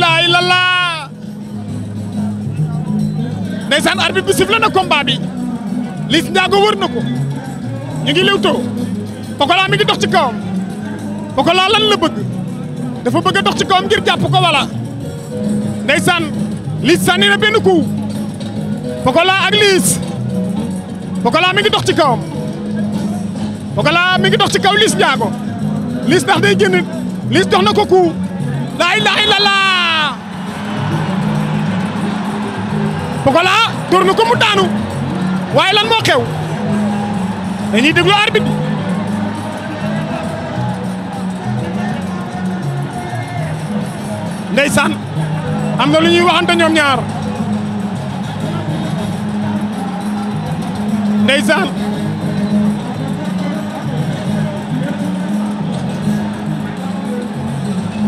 ilaha illallah ndeysaan arbitre bi sifflé na combat bi Liss Ndiago wër na ko ñu ngi lewtoo Pokola mi ngi dox ci kawam Pokola lan la bëgg dafa bëgg dox ci kawam ngir jàpp ko wala ndeysaan Liss sànni na benn coup Pokola ak Liss Pokola mi ngi dox ci kawam Pokola mi ngi dox ci kaw Liss Ndiago Liss ndax day génn Liss dox na ko laa ilaaha illallah Pokola dóor na ko mu daanu waaye lan moo xew dañuy déglu arbitre bi ndeysaan am na lu ñuy waxante ñoom ñaar ndeysaan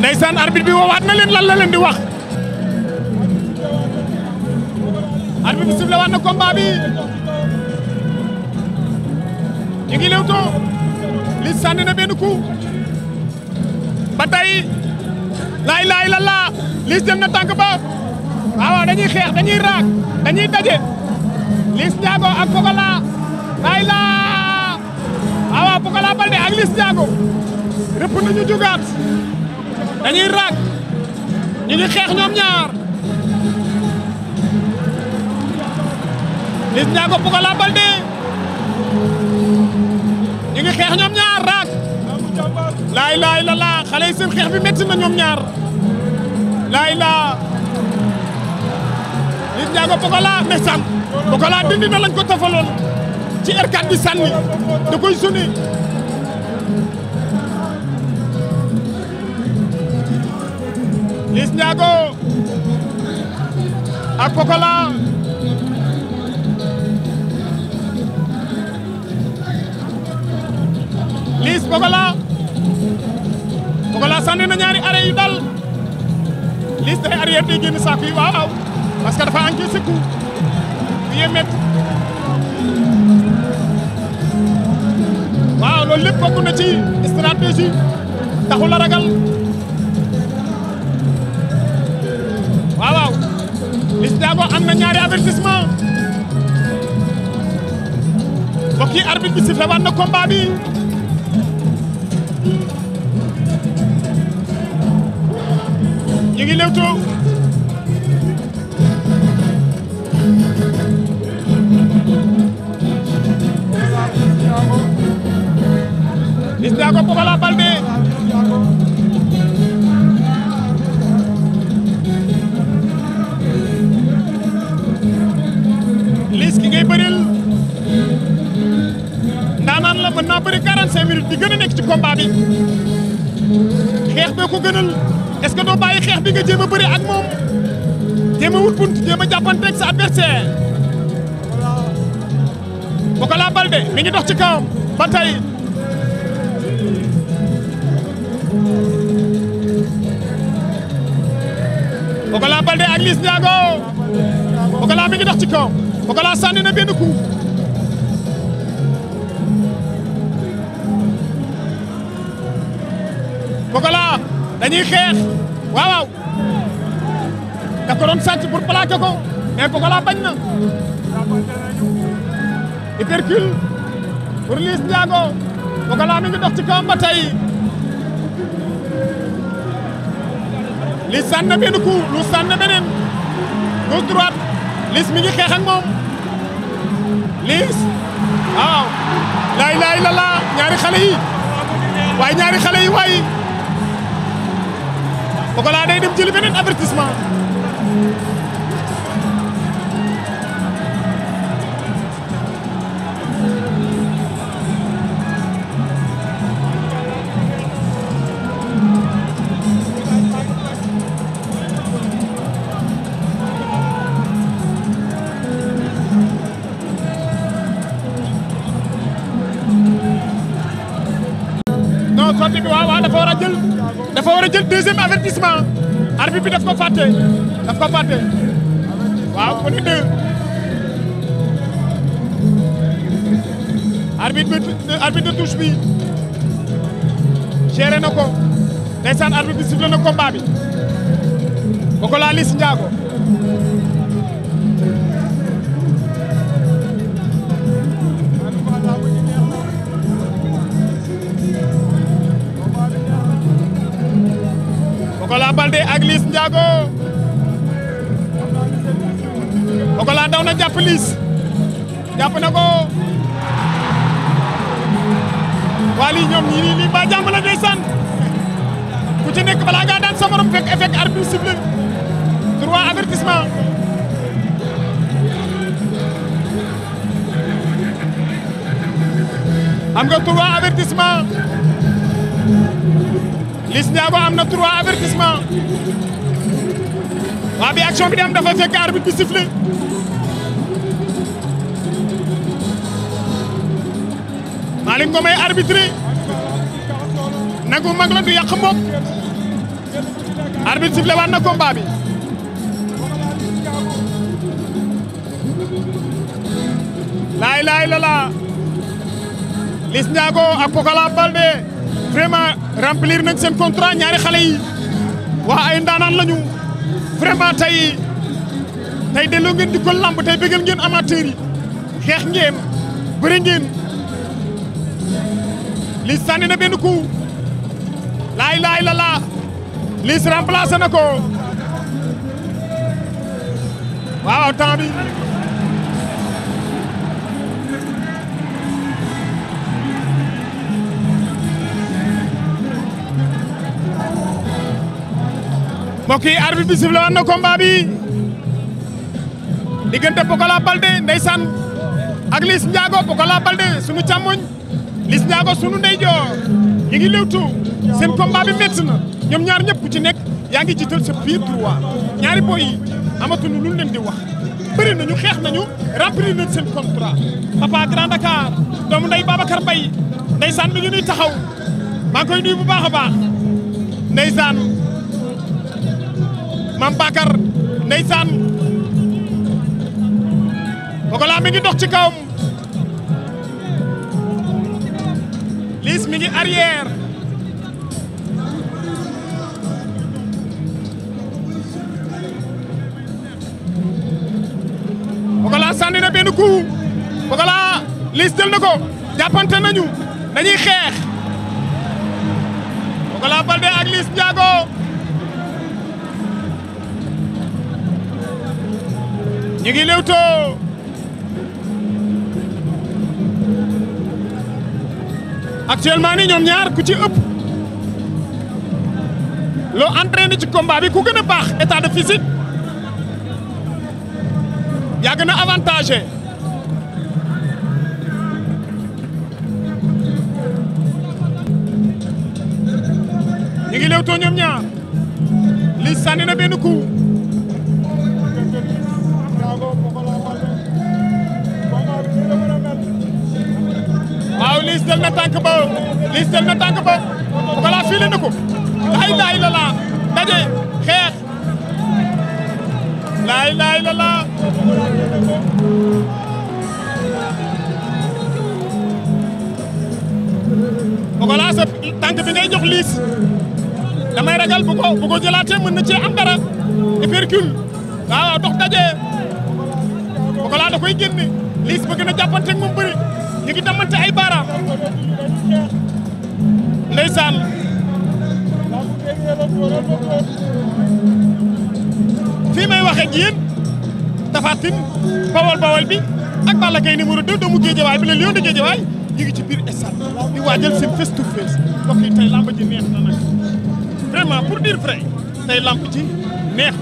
ndaysan arbitre bi woowaat na len lan la len di wax arbitre bi sifflé waat na combat bi ñu ngi léew too Liss sànni na ben coup batay la laay laay la laa Liss na tank ba ah waaw dañuy xex dañuy rak dañuy dajé li ak Pokola la ah waaw Pokola ak li rep nañu dañuy raag ñu ngi xeex ñoom ñaar Liss Ndiago Pokola Baldé ñu ngi xeex ñoom ñaar raag laay laay la laa xale yi seen xeex bi métti na ñoom ñaar laay laa Liss Ndiago Pokola ndeysaan Pokola dindi na lañ ko tofaloon ci R4 bi sànni da koy suni Liss Ndiago ak Pokola Liss Pokola Pokola sànni na ñaari arrêt yu dal Liss day arrière yi waaw parce dafa anki sikku bi yemet waaw loolu lépp bokk na ci stratégie taxul a Thiago am na ñaari avertissement mbokk yi arbitre bi sifflé waat na combat bi ñu ngi lewtoo Liss Ndiago Pokola Baldé bëri 45 minutes di gën a nekk ci xeex bee ko gënal est doo bàyyi xeex bi nga jéem a ak moom jéem a wut bunt jéem a jàppante ak sa adversaire Pokola Baldé dox ci kawam ba tey Pokola ak Liss Ndiago Pokola mi dox ci kawam Pokola sànni na benn coup Pokola dañuy xeex waaw waaw da ko doon sàcc ko mais Pokola bañ na hypercule pour Liss Ndiago Pokola mi ngi dox ci kawam ba tey Liss sànn benn coup lu sànn na beneen gauche droite mi ngi xeex moom Liss waaw laay laay la ñaari xale yi waaye ñaari xale yi waaye Pokola day dem jëli beneen avertissement. deuxième avertissement arbitre bi daf ko fàtte daf ko fàtte waaw ku ne deux arbitre bi arbitre de touche bi géré na ko ndeysaan arbitre bi sifflé na combat bi Pokola Liss Ndiago Aglis ak Liss Ndiago aja daw na jàpp Liss jàpp na ko waa lii ñoom ñii lii ba jàmm la ndeysaan ku ci nekk balaa ngaa daan sa morom fekk arbitre avertissement am nga avertissement Liss Ndiago am na trois avertissement waa bi action bi dem dafa fekk arbitre bi sifflé Malick Ngom ay mag la du yàq moom arbitre sifflé waat na combat bi laay laay la laa Liss Ndiago ak Pokola Baldé vraiment remplir nañ seen contrat ñaari xale yi waa ay ndaanaan lañu vraiment tey tey delloo ngeen di ko lamb tey bëggal ngeen amateur xeex ngeen bëri ngeen Liss sànni na benn coup laay laay la laa Liss remplacé na ko waaw temps bi mbokk yi arbitre bi sifflé woon na combat bi diggante Pokola Baldé ndeysaan ak Liss Ndiago Pokola Baldé sunu càmmoñ Liss Ndiago sunu ndeyjoor ñu ngi lewtu seen combat bi métti na ñoom ñaar ñëpp ku ci nekk yaa ngi jiital sa pied ñaari boy yi amatuñu lu leen di wax bëri nañu xeex nañu remplir nañ seen contrat papa Grand Dakar doomu ndey Babacar Mbaye ndeysaan bi ñu nuy taxaw maa koy nuyu bu baax a baax ndeysaan Mame Bakar ndeysaan Pokola mi ngi dox ci kawam Liss mi ngi arrière Pokola sànni na benn coup Pokola Liss na ko jàppante nañu dañuy xeex Pokola Baldé ak Liss Ndiago ñu ngi lewtoo actuellement ni ñoom ñaar ku ci ëpp loo entraîné ci combat bi ku gën a baax état de physique yaa na a avantagé ñu ngi lewtoo ñoom ñaar li sànni na benn coup liis del na tànk ba liis del na tànk ba balaa fii la ko laa ilaaha illallaah daje xeex laa ilaaha illallaah Pokola sa tànk bi ngay jox liis damay ragal bu ko bu mën na cee am dara hypercule waaw ah, dox daje Pokola da koy génne liis bëgg na jàppanteeg moom bëri ñu ngi damante ay baaraam ndeysaan fii may waxee ak yéen Tapha bawol bawol bi ak Balla Gaye numéro 2 doomu Géejawaay bi la Lion de Géejawaay ñu ngi ci biir stade di waajal seen face to face mbokk yi ji neex na nag vraiment pour dire vrai tey lamb ji neex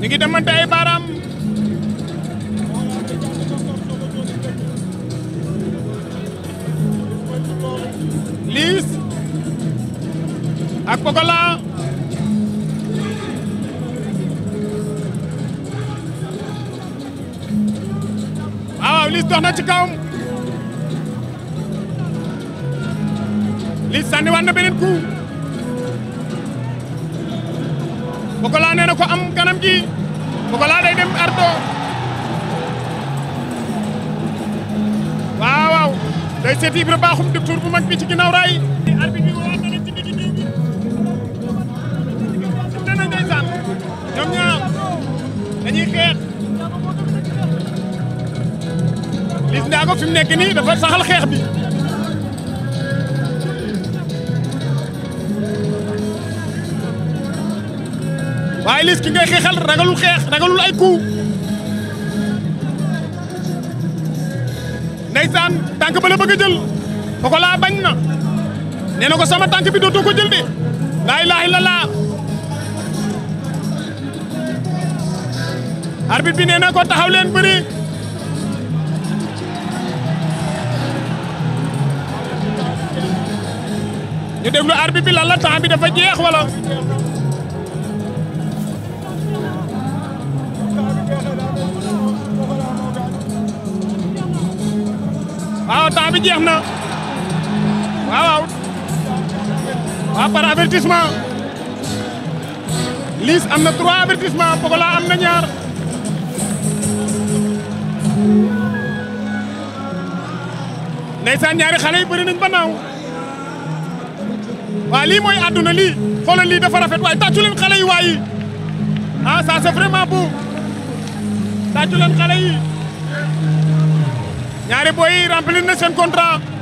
Nikita Mantai yi dox na ci kawam Liss sànni waat na beneen coup Pokola nee na ko am kanam gi Pokola day dem ardo waaw waaw day seeti Ibra Bakhoum docteur bu mag bi ci ginnaaw raay arbitre bi waat na ci digg gi dana ndeysaan ñoom ñaar dañuy xeex Ndiago fi mu nekk nii dafa saxal xeex bi waaye Liss ki ngay xeexal ragalul xeex ragalul ay coup ndeysaan tànk ba la bëgg a jël bañ na nee ko sama tànk bi dootoo ko jël de laa ilaaha illallaah arbitre bi nee na ko taxaw leen bëri ñu déglu arbitre bi lan la temps bi dafa jeex wala. waaw temps bi jeex na waaw waaw par avertissement Liss am na trois avertissement Pokola am na ñaar ndeysaan ñaari xale yi bëri nañ ba naaw waaw lii mooy àdduna lii xoolal lii dafa rafet waaye tàccu leen xale yi waaye ah ça c'est vraiment beau tàccu leen xale yi ñaari boy